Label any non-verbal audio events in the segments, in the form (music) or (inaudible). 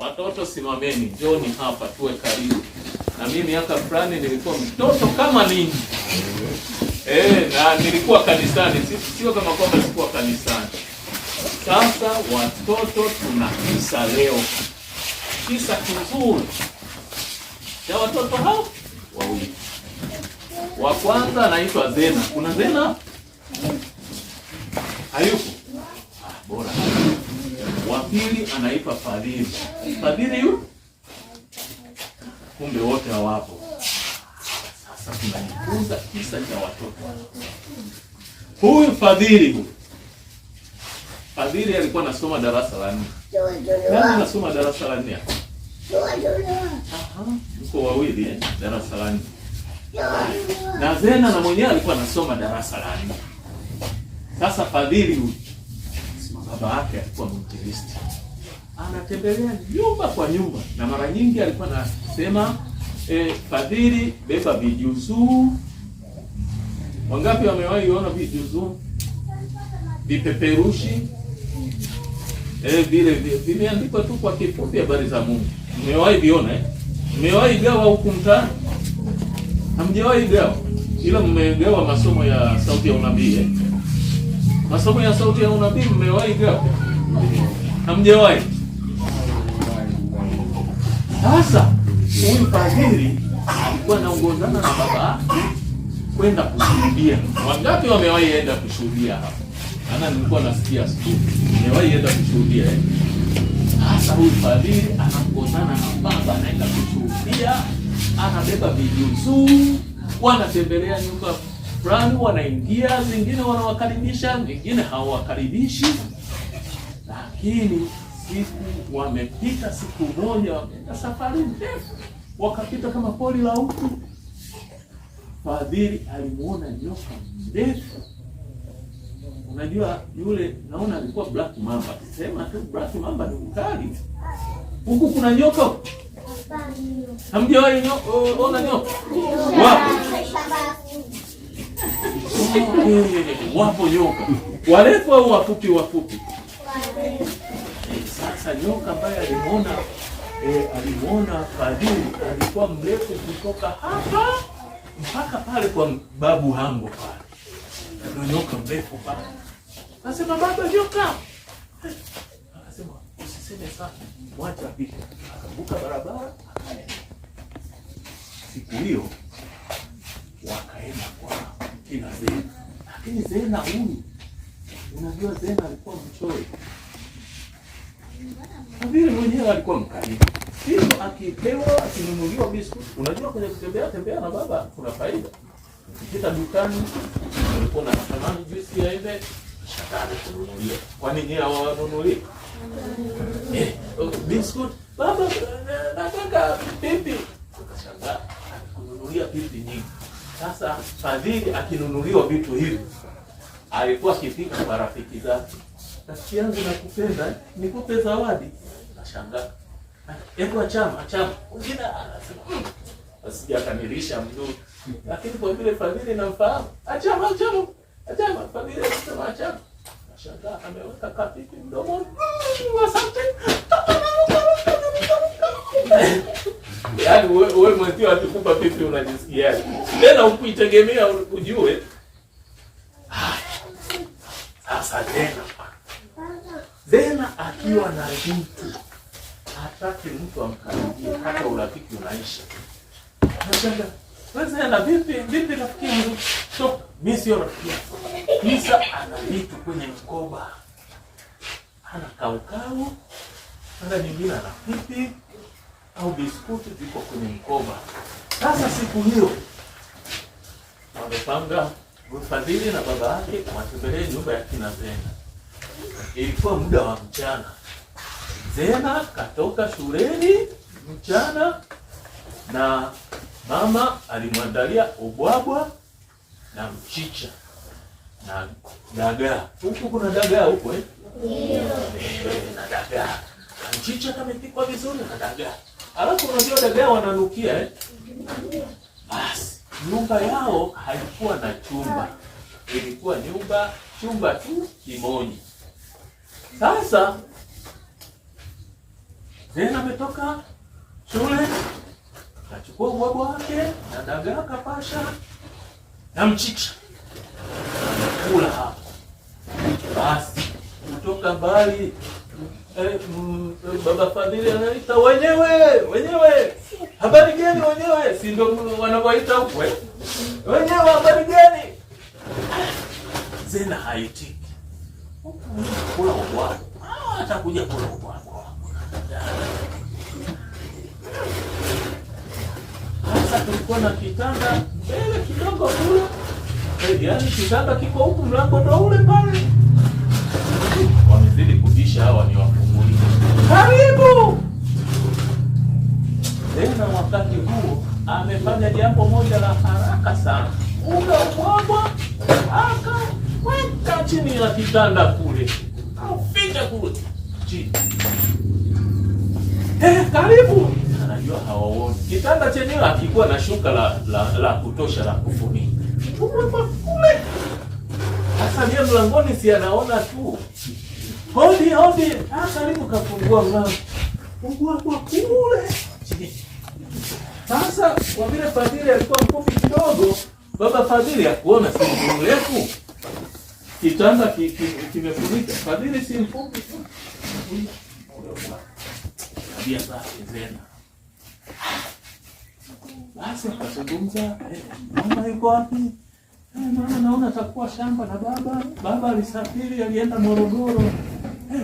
Watoto simameni, njoni hapa tuwe karibu. Na mimi miaka fulani nilikuwa mtoto kama ninyi eh, na nilikuwa kanisani, sio kama kwamba nilikuwa kanisani. Sasa watoto tuna kisa leo, kisa kizuri cha watoto hao wawili. Wa kwanza anaitwa Zena. Kuna Zena hayuko pili anaipa fadhili, fadhili yu kumbe wote hawapo. Sasa tunajifunza kisa cha watoto. Huyu fadhili hu. fadhili alikuwa anasoma darasa la nne. Nani anasoma darasa la nne hapo? Mko wawili eh, darasa la nne na Zena na mwenyewe alikuwa anasoma darasa la nne. Sasa fadhili huyu baba yake alikuwa mwinjilisti, anatembelea nyumba kwa nyumba, na mara nyingi alikuwa anasema eh, fadhili beba vijuzuu. Wangapi wamewahi kuona vijuzuu, vipeperushi eh, vile vimeandikwa tu kwa kifupi habari za Mungu? Mmewahi viona eh? Mmewahi gawa huku mtaani? Hamjawahi gawa, ila mmegawa masomo ya sauti ya unabii eh? sababu ya sauti ya unabii mmewahi ngapi? Hamjawahi. Sasa huyu padri alikuwa anaongozana na baba kwenda kushuhudia. Wangapi wamewahi enda kushuhudia hapa? Ana nilikuwa nasikia siku. Nimewahi enda kushuhudia. Eh? Sasa huyu padri anaongozana na baba anaenda kushuhudia, anabeba vijuzuu, wanatembelea nyumba fulani wanaingia, zingine wanawakaribisha, zingine hawakaribishi lakini siku wamepita, siku moja wameenda safari ndefu, wakapita kama poli la utu. Fadhili alimuona nyoka mrefu. Unajua yule naona alikuwa black mamba, sema tu black mamba ni mkali. Huku kuna nyoka, hamjawahi nyoka? Eh, ona nyoka wapo wapo nyoka warefu au wafupi? Wafupi. Sasa nyoka ambaye alimona eh, alimuona Fadhili alikuwa mrefu kutoka hapa mpaka pale kwa babu hango pale, ndio nyoka mrefu pale. Nasema baba, nyoka akasema, usiseme sana, mwacha apite. Akavuka barabara akaenda. Siku hiyo wakaenda kwa kina Zena. Lakini Zena huyu, unajua Zena alikuwa mchoyo vile mwenyewe alikuwa mkali. Hivyo akipewa akinunuliwa biskuti, unajua kwenye kutembea tembea na baba kuna faida. Ukipita dukani ulikuwa na tamani juisi ya embe, shatani kununulia. Kwa nini yeye eh, biskuti baba eh, nataka pipi. Ukashangaa kununulia pipi nyingi. Sasa Fadhili akinunuliwa vitu hivi alikuwa akifika kwa rafiki zake, rafiki yangu nakupenda, nikupe zawadi. Nashangaa hebu achama achama, wengine anasema hmm, asijakamilisha mdu, lakini kwa vile Fadhili namfahamu, achama achama achama, Fadhili anasema achama. Nashangaa ameweka kapipi mdomoni, hmm, asante Yaani wewe mwenzio akikupa pipi unajisikiaje? Tena ukuitegemea ujue. Ah, sasa tena. tena, akiwa na vitu hataki mtu amkaribie, hata urafiki unaisha. Nasema, wewe Zena vipi? Vipi rafiki yangu? So, mimi sio rafiki yako. Kisa ana vitu kwenye mkoba. Ana kaukau. Ana nyingine ana vipi au biskuti ziko kwenye mkoba. Sasa siku hiyo wamepanga Fadhili na baba yake watembelee nyumba ya kina Zena. Ilikuwa muda wa mchana. Zena katoka shuleni mchana, na mama alimwandalia ubwabwa na mchicha na dagaa. Huku kuna dagaa huko eh? Ndio. Eh, na dagaa. Mchicha kamepikwa vizuri na dagaa. Alafu unajua dagaa wananukia eh? Basi nyumba yao haikuwa na chumba, ilikuwa nyumba chumba tu kimoja. Sasa Zena ametoka shule, kachukua ubwabwa wake na dagaa kapasha na mchicha kula hapo. Basi kutoka mbali Eh, baba Fadhili anaita wenyewe wenyewe, habari gani wenyewe, si ndio wanavyoita huko eh? wenyewe, habari gani? Zena haitiki huku, kula ubwako ah, atakuja kula ubwako. Sasa tulikuwa na kitanda mbele kidogo kule, eh, yaani kitanda kiko huku, mlango ndo ule pale kitanda kule au fika kule chini. Eh, karibu anajua hawaoni kitanda chenyewe, hakikuwa na shuka la, la, la kutosha la kufunika kule. Sasa ndio mlangoni si anaona tu, hodi hodi. Ah, karibu kafungua mlango, fungua kwa kule sasa. Kwa vile Fadhili alikuwa mfupi kidogo, baba Fadhili akuona si mrefu kitanda kimefunika, fadhili si mfupi tabia zake zena. Basi akazungumza, eh, mama yuko wapi? Eh, mama naona atakuwa shamba na baba. Baba alisafiri alienda Morogoro.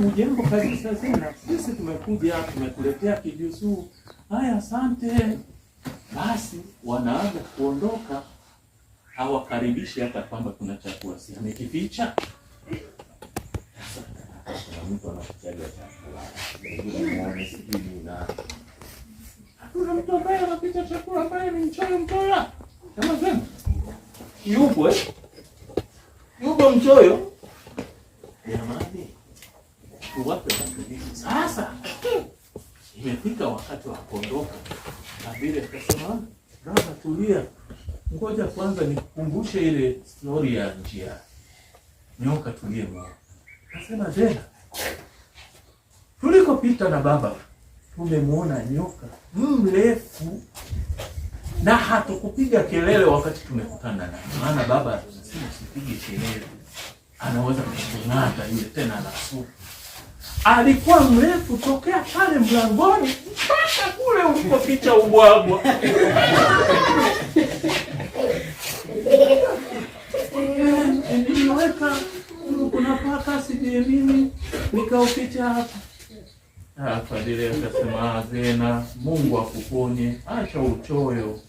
Ujengo eh, kabisa zena, sisi tumekuja tumekuletea kijuzuu. Haya, asante. Basi wanaanza kuondoka hawakaribishi hata kwamba kuna chakula, si amekificha. Mtu anakuchaga chakula, hakuna mtu ambaye anaficha chakula, ambaye ni mchoyo mtora kama sema yupo eh? yupo mchoyo jamani, tuwape sasa. Imefika wakati wa kuondoka. Abiri akasema brother, tulia Ngoja kwanza nikukumbushe ile story ya njia nyoka tuliyemwona. Nasema tena, tulikopita na baba tumemwona nyoka mrefu na hatukupiga kelele wakati tumekutana naye, maana baba tunasema usipige kelele, anaweza kutung'ata yule, tena anasuka. Alikuwa mrefu tokea pale mlangoni mpaka kule ulipopita ubwabwa (laughs) unaweka unapaka sijui mimi, nikauficha hapa. Ah, Fadhili akasema Azena, ah, Mungu akuponye, acha uchoyo,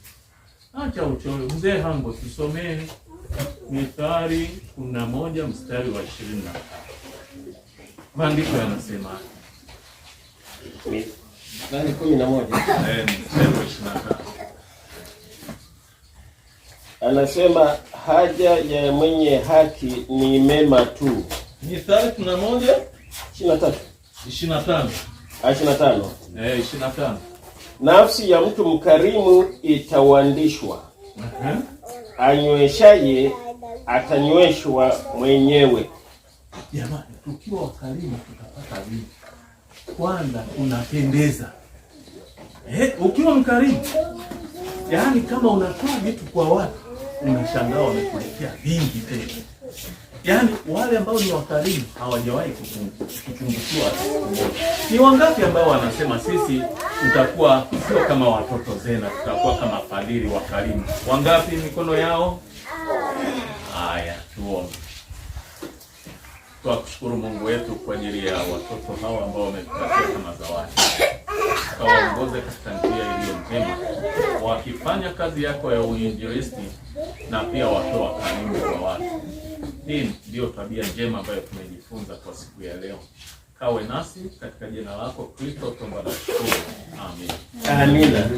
acha uchoyo. Mzee hango tusomee Mithali kumi na moja mstari wa ishirini na tatu maandiko yanasema Mithali kumi na moja eh, mstari wa ishirini na anasema haja ya mwenye haki ni mema tu. Mithali kumi na moja ishirini na tatu ishirini na tano ah, ishirini na tano eh, ishirini na tano nafsi ya mtu mkarimu itawandishwa. uh -huh. Anyweshaye atanyweshwa mwenyewe. Jamani, tukiwa wakarimu tutapata vingi. Kwanza unapendeza eh, ukiwa mkarimu, yaani kama unatoa vitu kwa watu unashangaa wamekuletea vingi tena. Yaani wale ambao ni wakarimu hawajawahi kukumbukiwa. Ni wangapi ambao wanasema sisi tutakuwa sio kama watoto zena, tutakuwa kama fadhili wakarimu? Wangapi mikono yao? Haya, tuombe. Tukushukuru Mungu wetu kwa ajili ya watoto hao ambao wametupatia kama zawadi, kawaongoze katika njia iliyo njema wakifanya kazi yako ya uinjilisti na pia wakiwa karibu kwa watu. Hii ndiyo tabia njema ambayo tumejifunza kwa siku ya leo. Kawe nasi katika jina lako Kristo, tuomba na kushukuru. Amina. Amina.